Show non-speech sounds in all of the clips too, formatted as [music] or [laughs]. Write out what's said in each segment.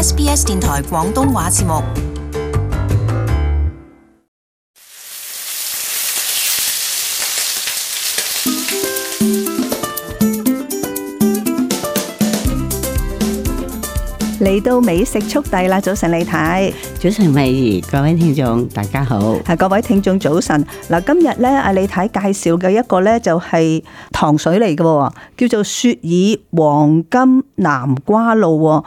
SBS 電台廣東話節目。嚟到美食速遞啦！早晨李太，早晨美儀，各位聽眾大家好，各位聽眾早晨。今日咧阿李太介紹嘅一個咧就係糖水嚟嘅，叫做雪耳黃金南瓜露。哇，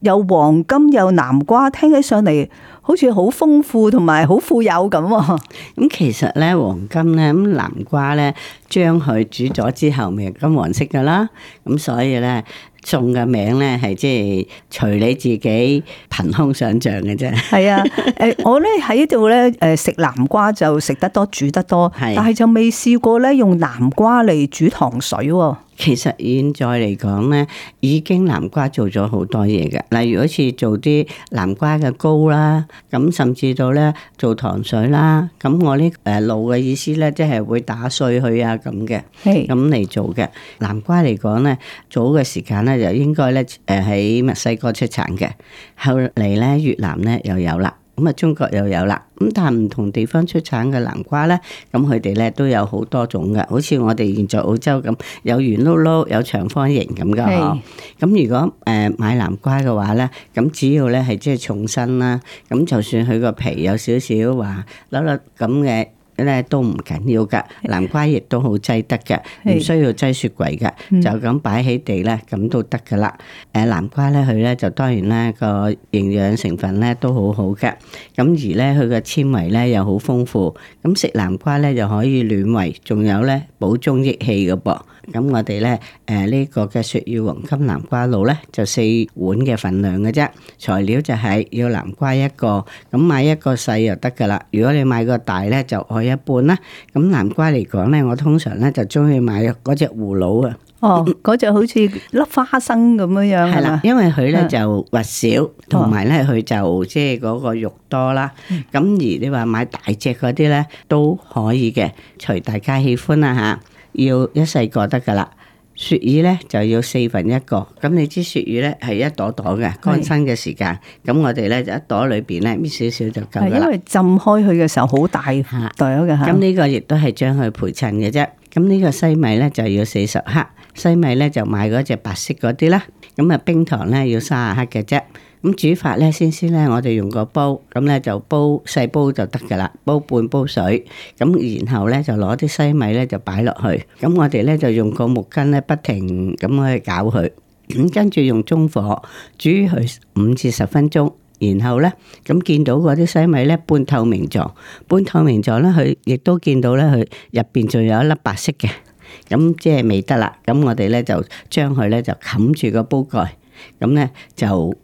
有黃金有南瓜，聽起上嚟～好似好豐富同埋好富有咁喎，咁其實咧黃金咧，咁南瓜咧將佢煮咗之後，咪金黃色噶啦，咁所以咧種嘅名咧係即係隨你自己憑空想像嘅啫。係啊，誒我咧喺呢度咧誒食南瓜就食得多，煮得多，但係就未試過咧用南瓜嚟煮糖水喎、哦。其實現在嚟講咧，已經南瓜做咗好多嘢嘅，例如好似做啲南瓜嘅糕啦，咁甚至到咧做糖水啦，咁我呢誒露嘅意思咧，即係會打碎佢啊，咁嘅，咁嚟是做嘅。南瓜嚟講咧，早嘅時間咧就應該咧誒喺墨西哥出產嘅，後嚟咧越南咧又有啦。咁啊，中國又有啦，咁但係唔同地方出產嘅南瓜咧，咁佢哋咧都有好多種嘅，好似我哋現在澳洲咁，有圓碌碌，有長方形咁嘅嗬。咁是、嗯、如果誒買南瓜嘅話咧，咁主要咧係即係重身啦，咁就算佢個皮有少少話，攞嚟咁嘅。咧都唔緊要噶，南瓜亦都好擠得嘅，唔需要擠雪櫃嘅，就咁擺喺地咧，咁都得噶啦。誒南瓜咧，佢咧就當然咧個營養成分咧都好好嘅，咁而咧佢個纖維咧又好豐富，咁食南瓜咧就可以暖胃，仲有咧補中益氣嘅噃。咁我哋咧誒呢個嘅雪耳黃金南瓜露咧就四碗嘅份量嘅啫，材料就係要南瓜一個，咁買一個細就得噶啦。如果你買個大咧就可。一半啦，咁南瓜嚟講咧，我通常咧就中意買嗰隻葫蘆啊。哦，嗰隻 [laughs] 好似粒花生咁樣樣。係啦， [laughs] 因為佢咧就核少，同埋咧佢就即係嗰個肉多啦。咁、哦、而你話買大隻嗰啲咧都可以嘅，隨、嗯、大家喜歡啦吓，要一細個得噶啦。雪耳咧就要四分一個，咁你知雪耳咧係一朵朵嘅，乾身嘅時間，咁是我哋咧就一朵裏邊咧搣少少就夠啦。因為浸開佢嘅時候好大下，朵嘅吓。咁呢個亦都係將佢陪襯嘅啫。咁呢個西米咧就要四十克，西米咧就買嗰隻白色嗰啲啦。咁啊冰糖咧要卅克嘅啫。咁煮法咧，先先咧，我哋用個煲，咁咧就煲細煲就得噶啦，煲半煲水，咁然後咧就攞啲西米咧就擺落去，咁我哋咧就用個木棍咧不停咁去攪佢，咁跟住用中火煮佢五至十分鐘。然後咧咁見到嗰啲西米咧半透明狀，半透明狀咧佢亦都見到咧佢入邊仲有一粒白色嘅，咁即係未得啦，咁我哋咧就將佢咧就冚住個煲蓋，咁咧就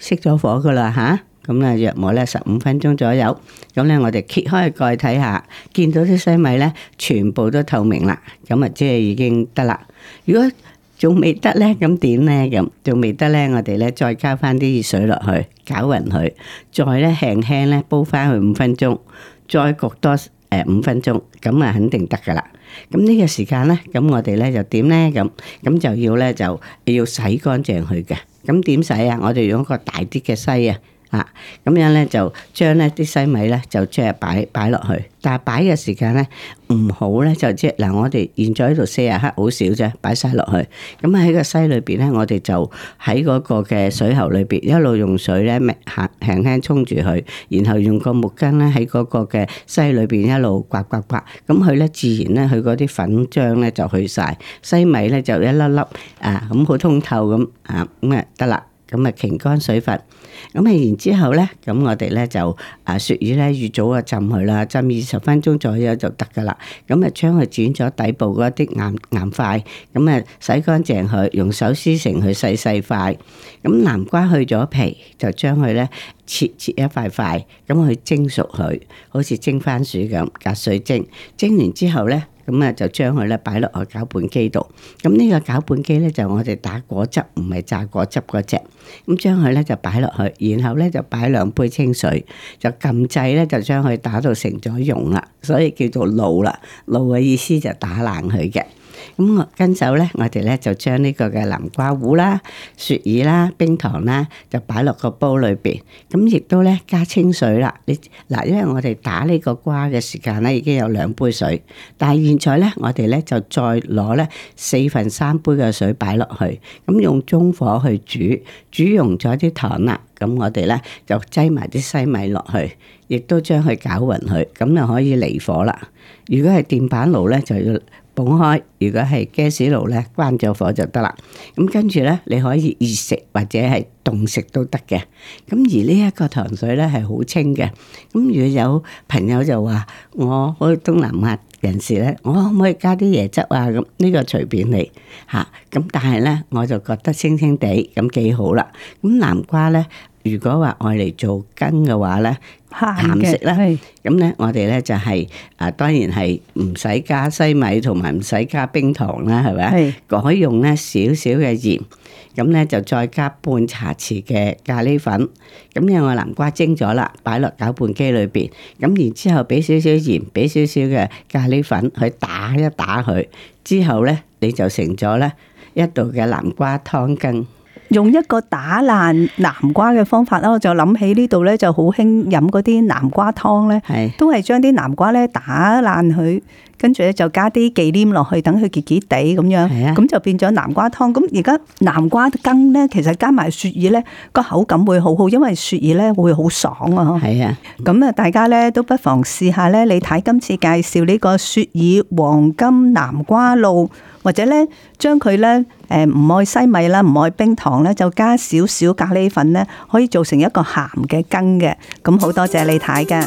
熄咗火噶啦吓，咁咧約摸咧十五分鐘左右，咁咧我哋揭開蓋睇下，見到啲西米咧全部都透明啦，咁啊即係已經得啦。如果仲未得咧，咁點咧咁仲未得咧？我哋咧再加翻啲熱水落去，攪勻佢，再咧輕輕咧煲翻佢五分鐘，再焗多誒，五分鐘，咁啊，肯定得噶啦。咁呢個時間咧，咁我哋咧就點咧咁，咁就要咧就要洗乾淨佢嘅。咁點洗啊？我哋用一個大啲嘅篩啊。啊，咁樣呢，就將呢啲西米呢，就即係擺擺落去，但係擺嘅時間呢，唔好呢，就即係嗱，我哋現在喺度四十克好少啫，擺晒落去。咁喺個篩裏邊呢，我哋就喺嗰個嘅水喉裏邊一路用水咧輕輕輕沖住佢，然後用個木棍咧喺嗰個嘅篩裏邊一路刮刮刮，咁佢咧自然咧佢嗰啲粉漿咧就去晒。西米咧就一粒粒啊咁好通透咁啊咁啊得啦。咁啊，擎乾水分，咁啊，然之後咧，咁我哋咧就啊，鱈魚咧，預早啊浸佢啦，浸二十分鐘左右就得噶啦。咁啊，將佢剪咗底部嗰啲硬硬塊，咁啊，洗乾淨佢，用手撕成佢細細塊。咁南瓜去咗皮，就將佢咧切切一塊塊，咁去蒸熟佢，好似蒸番薯咁，隔水蒸。蒸完之後咧。咁啊、嗯，就將佢咧擺落去攪拌機度。咁、嗯、呢、這個攪拌機咧就我哋打果汁，唔係榨果汁嗰隻。咁將佢咧就擺落去，然後咧就擺兩杯清水，就撳掣咧就將佢打到成咗溶啦，所以叫做露啦。露嘅意思就打爛佢嘅。咁我跟手咧，我哋咧就將呢個嘅南瓜糊啦、雪耳啦、冰糖啦，就擺落個煲裏邊。咁亦都咧加清水啦。你嗱，因為我哋打呢個瓜嘅時間咧已經有兩杯水，但係現在咧我哋咧就再攞咧四分三杯嘅水擺落去。咁用中火去煮，煮溶咗啲糖啦。咁我哋咧就擠埋啲西米落去，亦都將佢攪勻佢。咁就可以離火啦。如果係電板爐咧，就要。捧開，如果係 gas 爐咧，關咗火就得啦。咁跟住咧，你可以熱食或者係凍食都得嘅。咁而呢一個糖水咧係好清嘅。咁如果有朋友就話我好似東南亞人士咧，我可唔可以加啲椰汁啊？咁、這個啊、呢個隨便你吓。咁但係咧，我就覺得清清地咁幾好啦。咁南瓜咧。如果話愛嚟做羹嘅話呢，鹹食呢，咁呢色，的我哋呢就係、是、啊，的當然係唔使加西米同埋唔使加冰糖啦，係咪？的可以用呢少少嘅鹽，咁呢就再加半茶匙嘅咖喱粉。咁有個南瓜蒸咗啦，擺落的攪拌機裏邊，咁然之後俾少少鹽，俾少少嘅咖喱粉去打一打佢，之後呢，你就成咗呢一道嘅南瓜湯羹。用一個打爛南瓜嘅方法啦，我就諗起呢度咧就好興飲嗰啲南瓜湯咧，都係將啲南瓜咧打爛佢。跟住咧就加啲忌廉落去，等佢結結地咁樣，咁就變咗南瓜湯。咁而家南瓜羹咧，其實加埋雪耳咧，個口感會好好，因為雪耳咧會好爽啊！嗬的。係啊。咁啊，大家咧都不妨試下咧，李太今次介紹呢個雪耳黃金南瓜露，或者咧將佢咧誒唔愛西米啦，唔愛冰糖咧，就加少少咖喱粉咧，可以做成一個鹹嘅羹嘅。咁好多謝李太嘅。